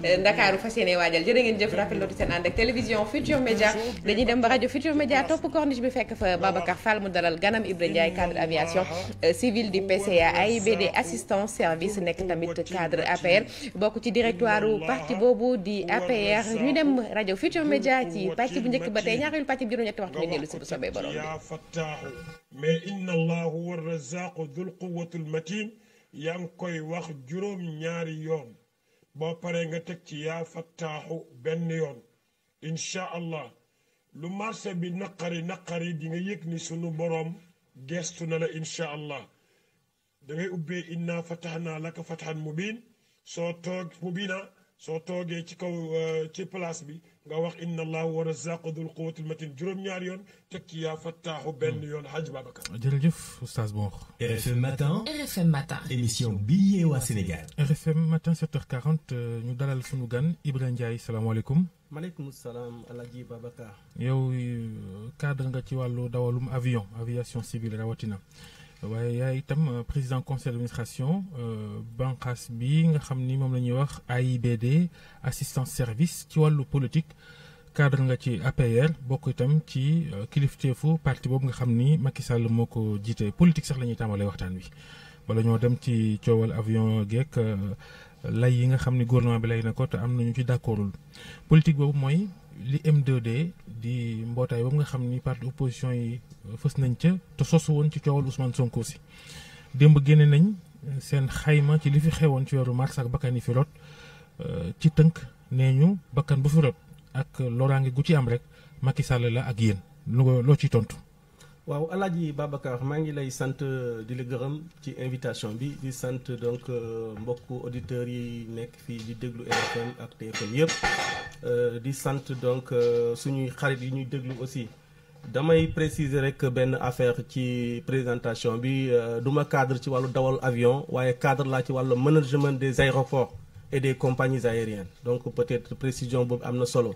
Ndakaaru fas yéene waajal jërë ngeen jëf rafetlu di seen ànd ak télévision Futur Média dañuy dem ba rajo Futur Média topp corniche bi fekk fa Babacar Fall mu dalal ganam Ibra Ndiaye cadre aviation euh, civile du PCA AIBD assistant service nekk tamit cadre APR bokk ci directoire parti boobu di APR ñu dem rajo Futur Média ci pàcc bu njëkk ba tey ñaareelu pàcc bi juróom-ñetti waxtu ñu dellu si bu soobee borom mais wa razaqu dul quwwatul matin boo paree nga teg ci yaa fattaaxu benn yoon incha allah lu marché bi naqari naqari di nga yëg ni sunu boroom gestu na la incha allah dangay ubbee inna fatahnaa laka fathan mubiin soo toog mubiina soo toogee ci kaw euh, ci place bi nga wax inna allahu wa razaqu dul quwwatil matin juróom-ñaar yoon teg ci yaa fattaaxu benn hmm. yoon Hadj Babacar. jërëjëf oustaz Mor. RFM matin RFM matin. émission bi yee waa Sénégal. RFM matin 7 euh, ñu dalal sunu gan Ibra Ndiaye salaamaaleykum. maaleykum salaam El Hadj Babacar. yow euh, cadre nga ci wàllu dawalum avion aviation civile rawatina. waaye yaay itam euh, président conseil d' administration euh, banqaas bi nga xam ni moom la ñuy wax AIBD assistance service ci wàllu politique cadre nga ci APR bokk itam ci euh, kilifteefu parti boobu nga xam ni Macky Sall moo ko jiite politique sax la ñuy tàmbalee waxtaan wi. wala ñoo dem ci coowal avion geek lay yi nga xam ni gouvernement bi lay na ko te am nañu ci d'accordul politique boobu mooy. li m di mbootaay boobu nga xam ni parti opposition yi euh, fës nañ ca te sosu woon ci coowal Ousmane Sonko si démb génne nañ euh, seen xayma ci li fi xewoon ci weeru mars ak bakkan yi fi rot euh, ci tënk nee ñu bakkan bu fi rot ak loraange gu ci am rek Macky Sall la ak yéen loo ciy tontu. waaw Alaaji Babacar maa ngi lay sant euh, di la gërëm ci invitation bi di sant donc euh, mbokku auditeurs yi nekk fii di déglu RFM ak TFM yëpp euh, di sant donc suñuy xarit yi ñuy déglu aussi damay préciser rek benn affaire ci présentation bi du ma cadre ci wàllu dawal avion waaye cadre laa ci wàllu management des aéroports et des compagnies aériennes donc peut-être précision boobu am na solo.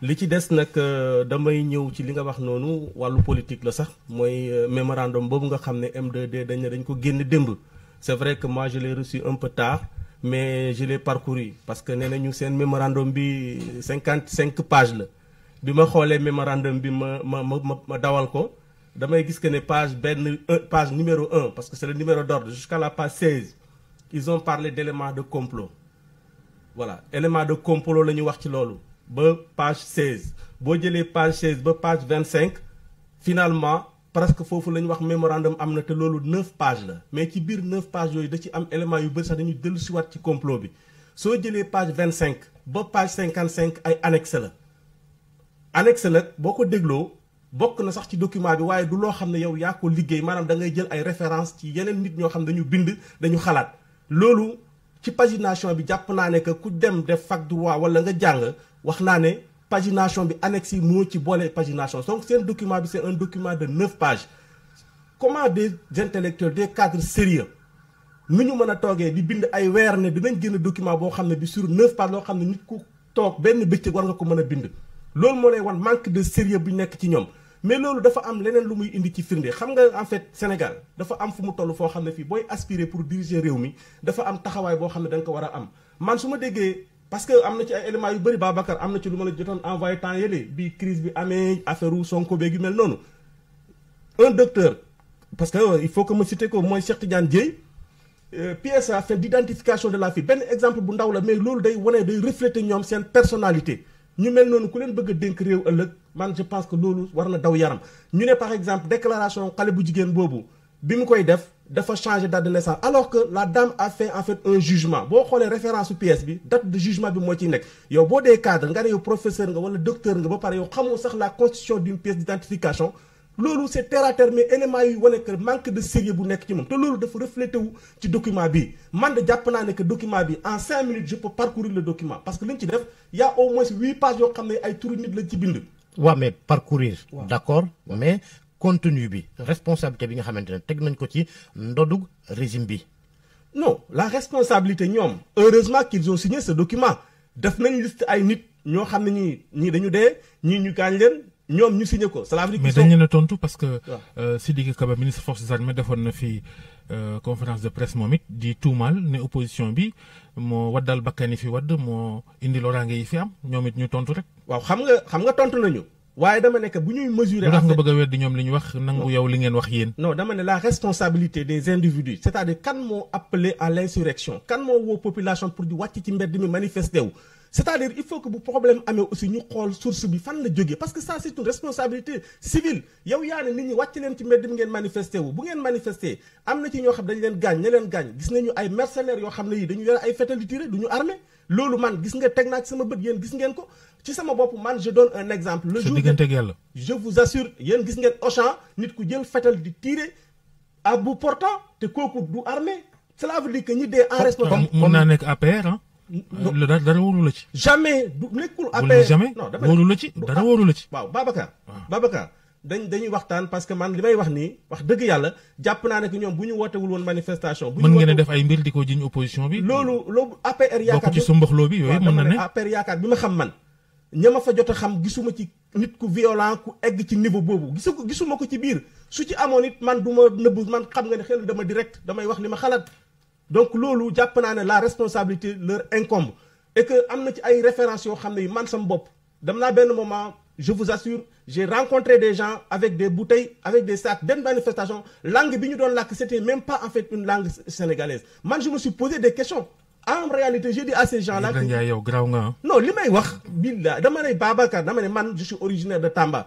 li ci des nag euh, damay ñëw ci li nga wax noonu wàllu politique la sax mooy euh, mémorandum boobu nga xam ne m dañ dañ ko génn démb. c'est vrai que moi je l'ai reçu un tard mais je l'ai parcouru parce que nee nañu seen mémorandum bi cinquante cinq page la bi ma xoolee mémorandum bi ma ma ma ma dawal ko. damay gis que ne page benn page numéro un parce que c'est le numéro d'ordre jusqu'à la page seize ils ont parlé de complot. voilà élément de complot la ñu wax ci loolu ba page 16 boo jëlee page 16 ba page 25 finalement presque foofu la ñu wax mémorandum am na te loolu 9 pages la mais ci biir 9 pages yooyu da ci am élément yu bëri sax dañu dellu siwaat ci complot bi soo jëlee page 25 ba page 55 ay annexe la annexe nag boo ko dégloo bokk na sax ci document bi waaye du loo xam ne yow yaa ko liggéey maanaam da jël ay référence ci yeneen nit ñoo xam ne dañu bind dañu xalaat loolu ci pagination bi jàpp naa ne que ku dem def fag du droit wala nga jàng wax naa ne pagination bi annexe yi ci boole pagination donc seen dokument bi c'est un document de neuf pages comment de intellectuels de cadres sérieux nu ñu mën a toogee bi bind ay weer ne dinañ génn document boo xam ne bi sur neuf pages loo xam ne nit ku toog benn bëccëg war nga ko mën a bind loolu moo lay wan manque de sérieux bu nekk ci ñoom mais loolu dafa am leneen lu muy indi ci firnde xam nga en fait Sénégal dafa am fu mu toll foo xam ne fii booy aspirer pour diriger réew mi dafa am taxawaay boo xam ne da ko war a am man su ma déggee parce que am na ci ay éléments yu bëri Babacar am na ci lu ma la jotoon envoyé temps yële bi crise bi amee affaire u Sonko beeg mel noonu un docteur parce que euh, il faut que ma cité ko mooy Cheikh Tidiane Dieye euh, PSA fait d'identification de la fii benn exemple bu ndaw la mais loolu day wane day refléter ñoom seen personnalité ñu mel noonu ku leen bëgg a dénk réew ëllëg man je pense que loolu war na daw yaram ñu ne par exemple déclaration xale bu jigéen boobu bi mu koy def dafa changer date de alors que la dame a fait en fait un jugement boo xoolee référence su pièce bi date jugement bi moo ci nekk yow boo dee cadre nga ne yow professeur nga wala docteur nga ba pare yow xamoo sax la constitution d'une pièce d'identification loolu c'est terre à terre mais éléments wane que manque de sérieux bu nekk ci moom te loolu dafa reflété wu ci document bi man de jàpp naa ne que document bi en cinq minutes je peux parcourir le document parce que li a au moins huit pages yoo xam ne ay turu nit lañ ci bind. waaw mais parcourir. waaw d'accord mais contenu bi responsabilité bi nga xamante ne teg nañ ko ci ndodug régime bi. non la responsabilité ñoom heureusement qu'ils ont signé ce document def nañu list ay nit ñoo xam ne ñii ñii dañu dee ñii ñu gaañ ñoom ñu signé ko cela veut dire mais dañ leen a tontu parce que. Ah. Euh, Sidiki Kaba ministre forces armées defoon na fi euh, conférence de presse moom it di tuumaal ne opposition bi moo waddal bakkan fi wadd moo indi loraange yi fi am ñoom it ñu tontu rek. waaw xam nga xam nga tontu nañu. waaye dama ne bu ñuy mesurer. affaire nga bëgg a weddi ñoom li ñu wax nangu yow li ngeen wax yéen. no dama ne la responsabilité des individus. c'est-à-dire kan moo appelé à l'insurrection kan moo woo population pour di wàcc ci mbedd mi manifester wu. c'est-à-dire il faut que bu problème amee aussi ñu xool source bi fan la jógee parce que ça c'est une responsabilité civile yow yaa ne nit ñi wàcc leen ci mbedd mi ngeen manifesté wu bu ngeen manifesté am na ci ñoo xam dañ leen gaañ ña leen gaañ gis nañu ay mercenaires yoo xam ne yi dañu leen ay fétali tiré du ñu armé loolu man gis nga teg naa ci sama bët yéen gis ngeen ko ci sama bopp man je donne un exemple le jour je vous assure yéen gis ngeen Auchan nit ku jël fétal di tiré à bout te kooku du armé cela que ñi dee en responsable mun naa nekk APR Euh, dara dara wóoru la ci. jamais du nekkul affaire jamais wóoru la ci dara wóoru la waaw Babacar. waaw ah. Babacar dañ dañuy waxtaan parce que man li may wax nii wax dëgg yàlla jàpp naa ne que ñoom bu ñu wootewul woon manifestation. bu ñu mën a def ay mbir di ko jiñ bi. loolu loolu APR yaakaar bi yooyu mën na ne APR yaakaar bi ma xam man. ña ma fa jot a xam gisuma ci nit ku violent ku egg ci niveau boobu gisu gisuma ko ci biir su ci amoon it man du ma nëbb man xam nga ne xel dama direct damay wax li ma xalaat donc loolu jàpp naa ne la responsabilité leur incombe et que am na ci ay références yoo xam ne man sama bopp dem naa benn moment je vous assure j'ai rencontré des gens avec des bouteilles avec des sacs benn manifestation langue bi ñu doon làkk c'était même pas en fait une langue sénégalaise man je me suis posé des questions en réalité j'ai dit à gens là que yow graw nga non li may wax billa dama ne Babacar dama ne man je suis originaire de Tamba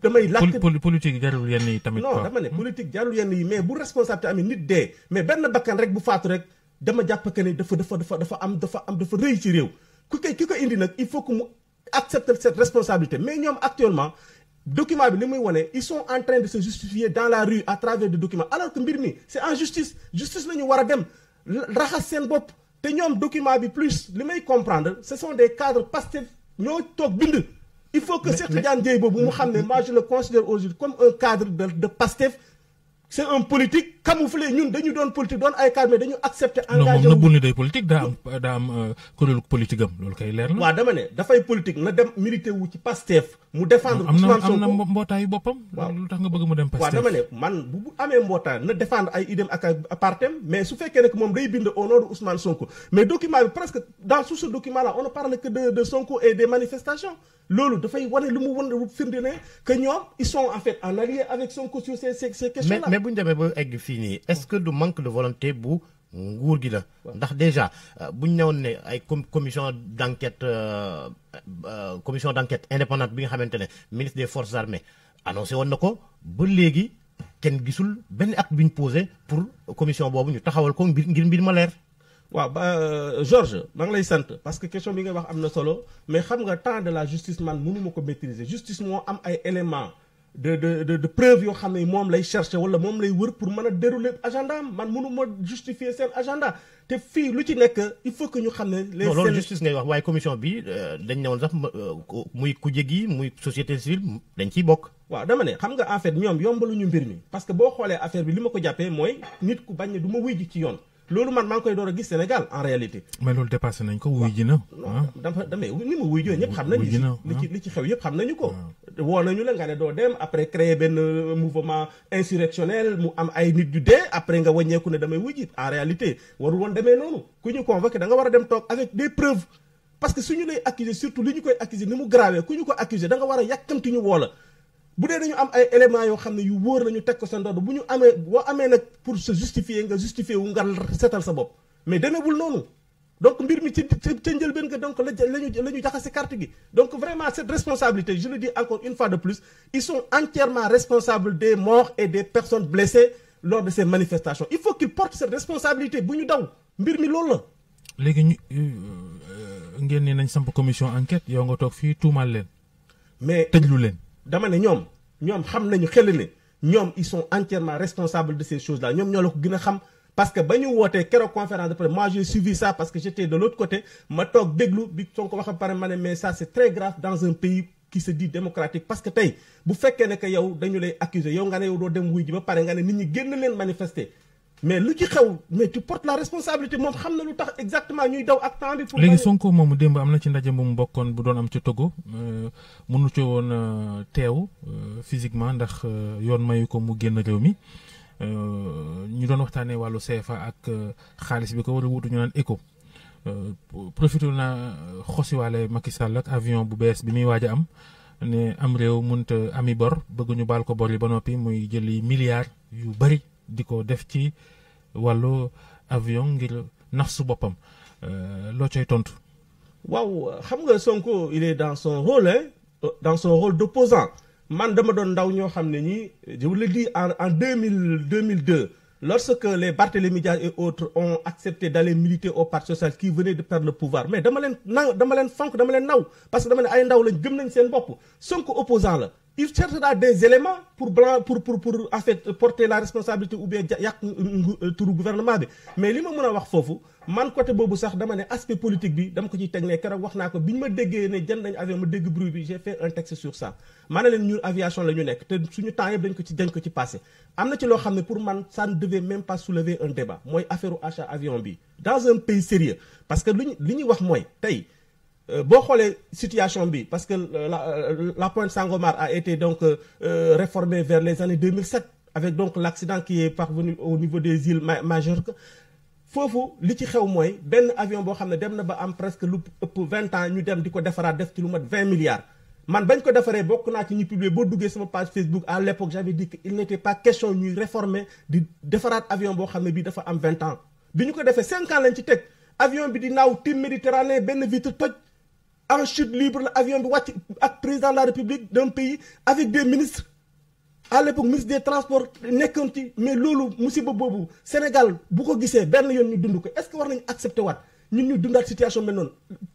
damay làkk politique jarul yenn yi tamit. non dama ne hmm? politique jarul yenn yi mais bu responsabilité amee nit dee mais benn bakkan rek bu faatu rek dama jàpp que ne dafa dafa dafa am dafa am dafa rëy ci réew. ku koy ki ko indi nag il faut que mu accepter cette responsabilité mais ñoom actuellement document bi li muy wane ils sont en train de se justifier dans la rue à travers des documents alors que mbir mi c'est en justice justice la ñu war a dem raxas seen bopp te ñoom document bi plus li may comprendre ce sont des cadres Pastef ñoo toog bind. il faut que Cheikh Tidiane Dièye boobu mu xam ne moi je le considère aujourd'hui comme un cadre de de Pastef c'est un politique camoufler ñun dañu doon politique doon ay cadre mais dañu accepter engagé non moom nëbbul ni day politique daa am daa am euh, kuréelu politique am loolu kay leer na. waaw dama ne dafay politique na dem milité wu ci Pastef mu défendre Ousmane Sonko am na am na mbootaayu boppam. waaw lu tax nga bëgg mu dem Pastef. waaw dama ne man bu amee mbootaay na défendre ay idem ak ak partem mais su fekkee ne moom day bind au nom de Ousmane Sonko mais document bi presque dans sous ce document là on ne parle que de de Sonko et des manifestations. loolu dafay wane lu mu wan firnde ne que ñoom ils sont en fait en allié avec Sonko sur ces ces ces questions là. mais mais bu ñu demee ba egg fii bii nii est-ce que du manque de volonté bu nguur gi la ndax déjà euh, bu ne newoon ne ay commission d'enquête euh, euh, commission d'enquête indépendante bi nga xamante ne ministre des forces armées annoncé woon na ko ba léegi kenn gisul benn acte bi ñu posé pour commission boobu ñu taxawal ko ngir mbir ma leer. waaw ba Georges lay sant parce que question bi nga wax am na solo mais xam nga temps de la justice man mënuma ko maîtriser justice moo am ay éléments. de de de preuve yoo xam ne moom lay cherché wala moom lay wër pour mën a dérouler agenda man mënu ma justifier seen agenda te fii lu ci nekk il faut que ñu xam ne. les non loolu justice ngay wax waaye commission bi euh, dañ ne woon sax euh, muy kuje gi muy société civile dañ ciy bokk. waaw dama ne xam nga en fait ñoom yombaluñu mbir mi parce que boo xoolee affaire bi li ma ko jàppee mooy nit ku bañ ne du ma wuy ji loolu man maa ngi koy door a gis Sénégal en réalité. mais loolu dépassé nañ ko wuy ji na. non ah. damay ni mu wuy jooy ñëpp xam nañu. li ci li ci ah. xew yëpp xam nañu ko. Ah. woo ñu leen nga ne doo dem après créer benn mouvement insurrectionnel mu am ay nit yu dee après nga wàññeeku ne damay wujjit en réalité warul woon demee noonu ku ñu convoqué da nga war a dem toog avec des preuves parce que suñu lay accuser surtout li ñu koy accuser ni mu grave ku ñu ko accuser da nga war a yàkkamti ñu woo la bu dee dañu am ay éléments yoo xam ne yu wóor nañu teg ko sa ndodd bu ñu amee boo amee nag pour se justifier nga justifier wu nga setal sa bopp mais demeewul noonu donc mbir mi ci ca njëlbeen ga donc lañu la ñu jaxase carte gi donc vraiment cette responsabilité je le dis encore une fois de plus ils sont entièrement responsables des morts et des personnes blessées lors de ces manifestations il faut qu'ils portent cette responsabilité bu ñu daw mbir mi loolu la léegi ñu euh, euh, ngeen ne nañ samp commission enquête yow nga toog fii tuumal leen mais tëjlu leen dama ne ñoom ñoom xam nañu xel ne ñoom ils sont entièrement responsables de ces ñoom ñoo la ko gën a xam parce que ba ñu wootee keroog conférence de presse moi j'ai suivi ça parce que j'étais de l'autre côté ma toog déglu bi Sonko wax a pare ma mais ça c'est très grave dans un pays qui se dit démocratique parce que tey bu fekkee ne que yow dañu lay accuser yow nga ne yow doo dem wuy ji ba pare nga ne nit ñi génn leen manifester mais lu ci xew mais tu portes la responsabilité moom xam na lu tax exactement ñuy daw ak temps bi. pour léegi Sonko moomu démb am na ci ndaje bu mu bokkoon bu doon am ci Togo euh, euh, euh, ndax yoon mayu ko mu génn mi. ñu doon waxtaanee wàllu CFA ak euh, xaalis bi ko war a wutu ñu naan ECO euh, profité naa euh, xosiwaale Macky Sall avion bu bees bi muy waaj a am ne am réew mënut ami bor bëgg ñu baal ko bor yi ba noppi muy jël jëli milliards yu bari di ko def ci wallu avion ngir nax su boppam loo cay tontu. waaw xam nga Sonko il est dans son rôle dans son rôle d'opposant man dama doon ndaw ñoo xam ne ñi je vous le dis en en deux mille deux mille deux lorsque les Barthélémy Dias et autres ont accepté d'aller militer au parti social qui venait de perdre le pouvoir mais dama leen na dama leen fonk dama leen naw parce que dama ne ay ndaw lañ gëm nañ seen bopp Sonko opposant la il cherchera des éléments pour blanc pour pour pour en fait porter la responsabilité ou bien yàq euh, euh, turu gouvernement bi mais li ma mën a wax foofu man côté boobu sax dama ne aspect politique bi dama ko ciy teg ne keroog wax naa ko bi ñu ma déggee ne jënd nañu avion ma dégg bruit bi j'ai fait un texte sur ça ma ne leen ñun aviation la ñu nekk te suñu temps yëpp dañ ko ci dañ ko ci passé am na ci loo xam ne pour man ça ne devait même pas soulever bi dans parce que luñ li ñuy wax mooy tey Euh, boo xoolee situation bi parce que euh, la euh, la pointe Sangomar a été donc réformée vers les années 2007 avec donc l' accident qui est parvenu au niveau des îles Majorque foofu li ci xew mooy benn avion boo xam ne dem na ba am presque lu ëpp 20 ans ñu dem di ko defaraat def ci lu mat 20 milliards. man bañ ko defaree bokk naa ci ñu publier boo duggee sama page Facebook à l' époque j' avais il n' pas question ñuy réformer di defaraat avion boo xam ne bii dafa am 20 ans bi ñu ko defee 5 lañ ci teg avion bi di naaw tim en chute libre la avion bi wàcc ak président de la république d'un pays avec des ministres à l'époque ministre des transports nekkoon ci mais loolu musiba boobu Sénégal bu ko gisee benn yoon ñu dund ko est-ce que war nañu accepter waat ñun ñu dundaat situation mel noonu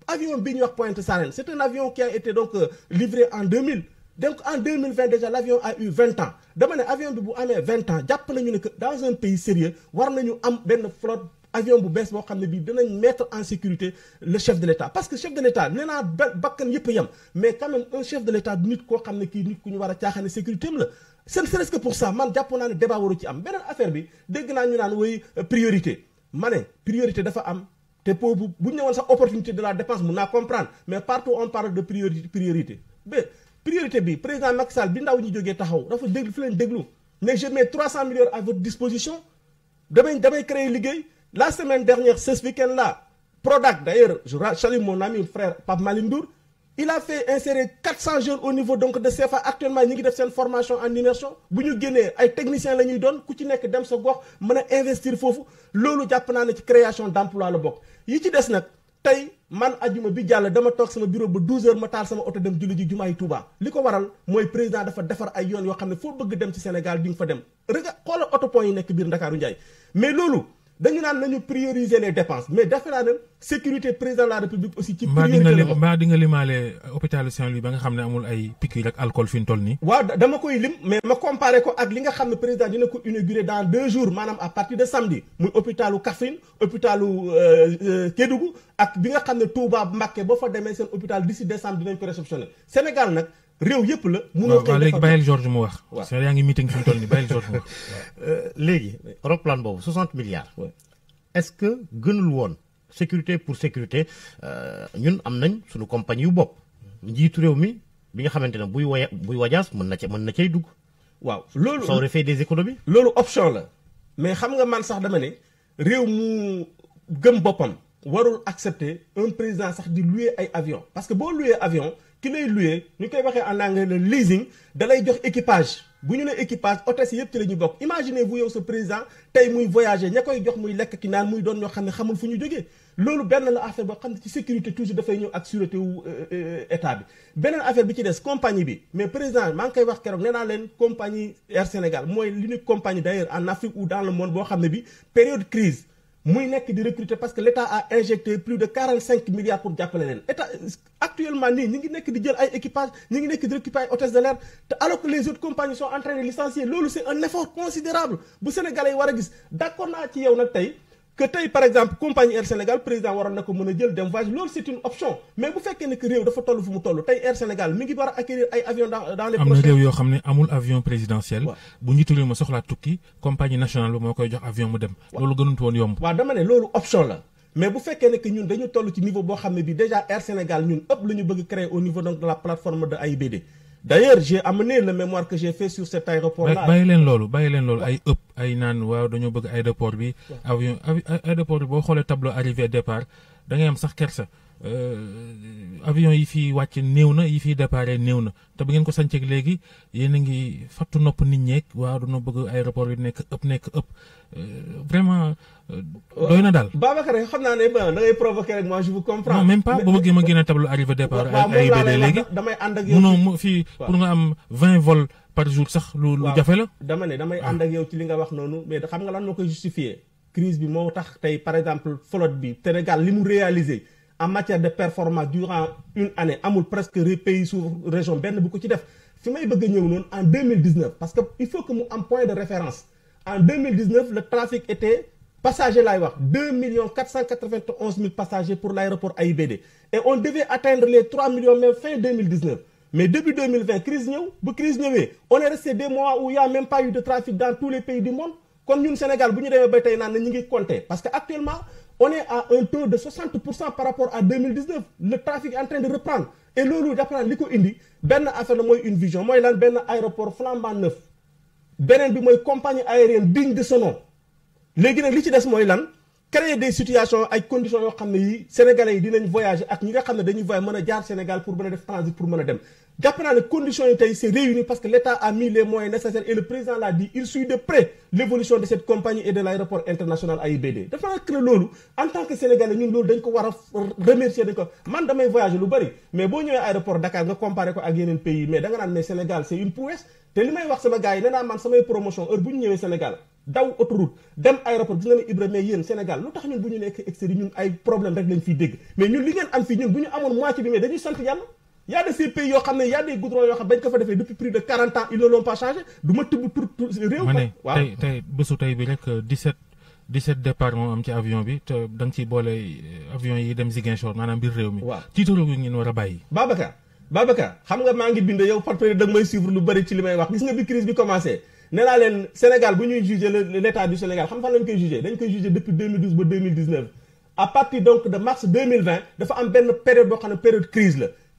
avion bi ñuy wax Pointe Sarène c'est un avion qui a été donc euh, livré en 2000 donc en 2020 déjà l'avion a eu 20 ans dama ne avion bi bu amee 20 ans jàpp nañu ne que dans un war nañu am benn flotte avion bu bees boo xam ne bii danañ mettre en sécurité le chef de l'État parce que chef de l'État nee naa bakkan yëpp yem mais quand même un chef de l'État du nit koo xam ne kii nit ku ñu war a caaxaane sécurité am la seen serait que pour ça man jàpp naa ne ci am beneen affaire bi dégg naa ñu naan woy euh, priorité ma ne priorité dafa am te pour bu bu ñu newoon sax opportunité de la dépense mun naa comprendre mais partout on parle de priorité priorité mais priorité bi bi ndaw ñi jógee taxaw dafa déglu fi leen déglu mais je mets 300 milliards à votre damay damay créer liggéey La semaine dernière, ce week-end-là, Prodac, d'ailleurs, je salue mon ami, frère Pape Malindour, il a fait insérer 400 jeunes au niveau donc de CFA actuellement ñu ngi def seen formation en immersion bu ñu génnee ay techniciens la doon ku ci nekk dem sa gox mën a investir foofu loolu jàpp naa ne ci création d'emploi la bokk. yi ci des nag tey man ajuma bi jàll dama toog sama bureau ba 12h ma taal sama oto dem julli ji jumaa yi Touba li ko waral mooy président dafa defar ay yoon yoo xam ne foo bëgg dem ci Sénégal di nga fa dem rega xoolal oto pont yi nekk biir Ndakaaru Ndiaye mais loolu. dañu naan nañu prioriser les dépenses mais defe naa ne sécurité président de la république aussi. ci priorité la maa di nga limaale euh, hôpital Saint-Louis ba nga xam ne amul ay piqûre ak alcool fi ñu toll nii. waaw dama koy lim mais ma comparé ko ak li nga xam ne président dina ko inauguré dans deux jours maanaam à partir de samedi muy hôpitalu Kaffrine hôpitalu euh, euh, Kédougou ak bi nga xam ne Touba Mbacké boo fa demee seen hôpital d'ici décembre dinañ ko réceptionné Sénégal nag. réew yëpp la. munoo koy léegi bàyyil wax. waaw sëñ yaa ngi meeting fi mu toll nii bàyyil George mu wax. Euh, léegi roplaan boobu 60 milliards. est-ce que gënul woon sécurité pour sécurité euh, ñun am nañ suñu compagnie yu bopp. njiitu réew mi bi nga xamante ne buy woya buy wajaas mën na cee mën na cay dugg. waaw loolu ça aurait des économies. loolu option la mais xam nga man sax dama ne réew mu gën boppam warul accepter un président sax di louer ay avion parce que boo louer avion. ki lay loué ñu koy waxee en anglais le leasing da jox équipage bu ñu ne équipage hôtesse yëpp ci la ñu bokk imaginez vous yow sa président tey muy voyager ña koy jox muy lekk ki naan muy doon ñoo xam ne xamul fu ñu jógee loolu benn la affaire boo xam ne ci sécurité toujours dafay ñëw ak sûreté wu euh, euh, état bi beneen affaire bi ci des compagnie bi mais président maa ngi koy wax keroog nee naa leen compagnie Air Sénégal mooy l'unique compagnie d'ailleurs en Afrique dans le monde boo xam ne bi période crise muy nekk di recruter parce que l' état a injecté plus de quarante cinq milliards pour jàppale leen état actuellement nii ñi ngi nekk di jël ay équipage ñi ngi nekk di récupérer ay hôtesses de l'air te alors que les autres compagnies sont en licencier loolu c' un effort considérable bu sénégalais yi war a gis d' accord naa ci yow nag tey que tey par exemple compagnie Air Sénégal président waroon na ko mën a jël dem voyage loolu c'est une option mais bu fekkee ne réew dafa toll fu mu toll tey Air Sénégal mi ngi war a acquérir ay avions dans dans yoo xam ne amul avion présidentiel. bu njiitu réew ma soxlaa tukki compagnie nationale bi moo koy jox avion mu dem. loolu gënuñu woon yomb. waaw dama ne loolu option la. mais bu fekkee ne que ñun dañu toll ci niveau boo xam ne bi déjà Air Sénégal ñun ëpp la bëgg créer au niveau donc de d'ailleurs j'ai amené le mémoire que j'ai fait sur bàyyi leen loolu bàyyi leen loolu ay ëpp ay naan waaw dañoo bëgg aéroport bi avion aéroport bi boo xoolee tableau arrivée départ da ngay am sax kerse Euh, avion yi fii wàcc néew na yi fii déparé néew na te bu ngeen ko sànceeg léegi yéen ngi fattu nopp nit ñeek waaw du dañoo bëgg aéroport yu nekk ëpp nekk ëpp euh, vraiment. Euh, doy na daal Babacar xam naa ne da ngay provoquer rek moi je vous comprends. non même a tableau arrivé départ. damay ànd ak yow munoo fii pour nga vol par jour sax. lu lu jafe la dama ne damay ànd ak yow ci li nga wax noonu mais xam nga lan moo koy justifier crise bi moo tax tey par exemple flotte bi Sénégal li mu réalisé. en matière de performance durant une année amul presque pays sous région benn bu ko ci def fi may bëgg a ñëw noonu en 2019 il faut que mu am point de référence en le trafic était passager laay wax 2 millions passagers pour l'aéroport AIBD et on devait atteindre les 3 millions même fin mais début crise ñëw bu crise ñëwee on est resté des mois où il y a même pas eu de trafic dans tous les pays du monde kon ñun Sénégal bu ñu demee ba tey naan na ñu ngi compter parce que on est à un taux de 60 pour cent par rapport à 2019 le trafic est en train de reprendre et loolu dafa li ko indi benn affaire la mooy une vision mooy lan benn aéroport flambant neuf beneen bi mooy compagnie aérienne digne de ce nom léegi nag li ci des mooy lan créer de situation ay condition yoo xam ne yi sénégalais yi dinañ voyager ak ñi nga xam ne dañuy voyager mën a jaar Sénégal pour mën a def transit pour mën a dem jàpp naa ne conditions yi tey c'est réuni parce que l'État a mis les moyens nécessaires et le président l'a dit il suit de près l'évolution de cette compagnie et de l'aéroport international AIBD dafa nekk ne loolu en tant que sénégalais ñun loolu dañ ko war a remercier dañ ko man damay voyager lu bari mais boo ñëwee aéroport Dakar nga comparer ko ak yeneen pays mais da naa man samay promotion heure bu ñu ñëwee Sénégal daw autoroute dem aéroport nekk extérieur ñun ay problème rek lañ y a de yoo xam ne y a des goudrons yoo xam bañ ko fa defee depuis de quarante ans ils ne l'ont pas changé du ma réew. ma tey tey bésu tey bi rek 17 17 départ am ci avion bi te da nga ciy boole euh, avion yi dem Ziguinchor maanaam biir réew mi. waaw tiitaroo gi ngeen war a bàyyi. Babacar Babacar xam nga maa ngi bind yow par période da may suivre lu bëri ci li may wax gis nga bi crise bi commencé. nee leen Sénégal bu ñuy jugé la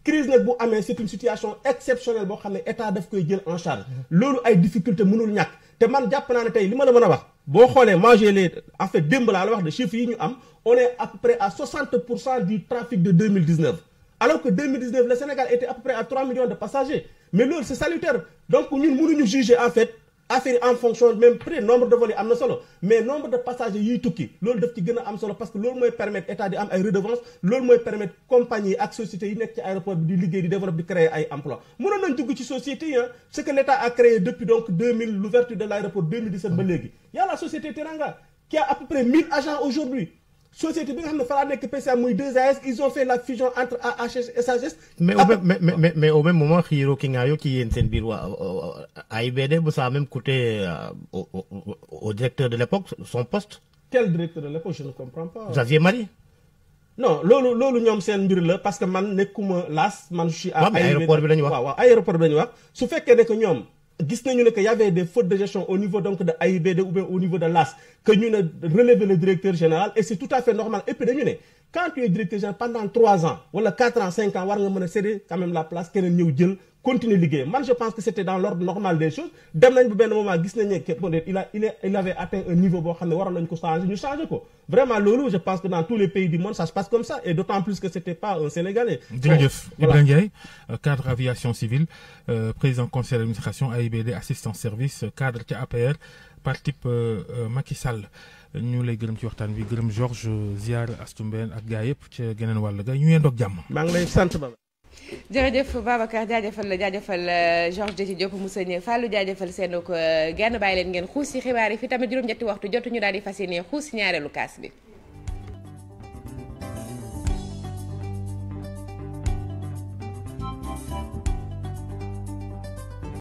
crise nag bu amee c'est une situation exceptionnelle boo xam état daf koy jël en charge loolu ay difficulté mënul ñàkk te man jàpp naa ne tey li ma la mën a wax boo xoolee mangé les en démb laa la wax de chiffres yi ñu am on à peu à 60 pour cent du trafic de 2019 alors que 2019 le Sénégal était à peu à 3 millions de passagers mais loolu c'est salutaire donc ñun mënuñu juger en fait affaire en fonction même près nombre de volets am na solo mais nombre de passagers yuy tukki loolu daf ci gën a am solo parce que loolu mooy permettre état di am ay redevance loolu mooy permettre compagnie ak sociétés yi nekk ci aéroport di liggéey di développer di créer ay emploi mënoon nañ dugg ci société yi ce que l' état a créé depuis donc 2000 l'ouverture de l' aéroport 2017 ba léegi y a la société Teranga qui a à peu près 1000 agents aujourd'hui société bi nga xam ne fa laa nekk PCA muy 2AS ils ont fait la fusion entre AHS et SAGES. mais mais mais au même moment xiiroo ki ngaayoo ci yéen seen biir waa euh, euh, AIBD bu ça a même coûté euh, au directeur de l'époque son poste. quel directeur de l'époque je ne comprends pas. Xavier Marie. non loolu loolu ñoom seen mbir la parce que man nekkuma laas man. je suis à. AIBD waaw mais aéroport bi la ñu wax waaw waaw aéroport bi la ñu wax su fekkee ne que ñoom. gis nañu ne que y avait des fautes de gestion au niveau donc de AIBD ou bien au niveau de l'AS que ñu ne relever le directeur général et c'est tout à fait normal et puis ne quand tu es directeur général pendant trois ans wala quatre ans cinq ans war nga mën a céder quand même la place keneen ñëw jël continuer liggéey man je pense que c' dans l'ordre normal des choses dem bu benn moment gis ne que peut-être il a il il avait atteint un niveau boo xam ne waroon nañ ko changer ñu changer ko vraiment loolu je pense que dans tous les pays du monde ça se passe comme ça et d' plus que c' pas un sénégalais. jërëjëf Ibrahima Ndiaye euh, cadre aviation civile euh, ñu lay gërëm ci waxtaan bi gërëm Georges ziar Astou Mbène ak gaa yëpp ca geneen wàll ga ñu yendoog jàmm. maa ngi lay sant ba. jërëjëf Babacar jaajëfal la jaajëfal euh, Georges Déthié Diop Moussaoui Fallou jaajëfal seen ko euh, genn bàyyi leen ngeen xuus ci xibaar yi fi tamit juróom-ñetti waxtu jotu ñu daal di fas yéene xuus ñaareelu kaas bi.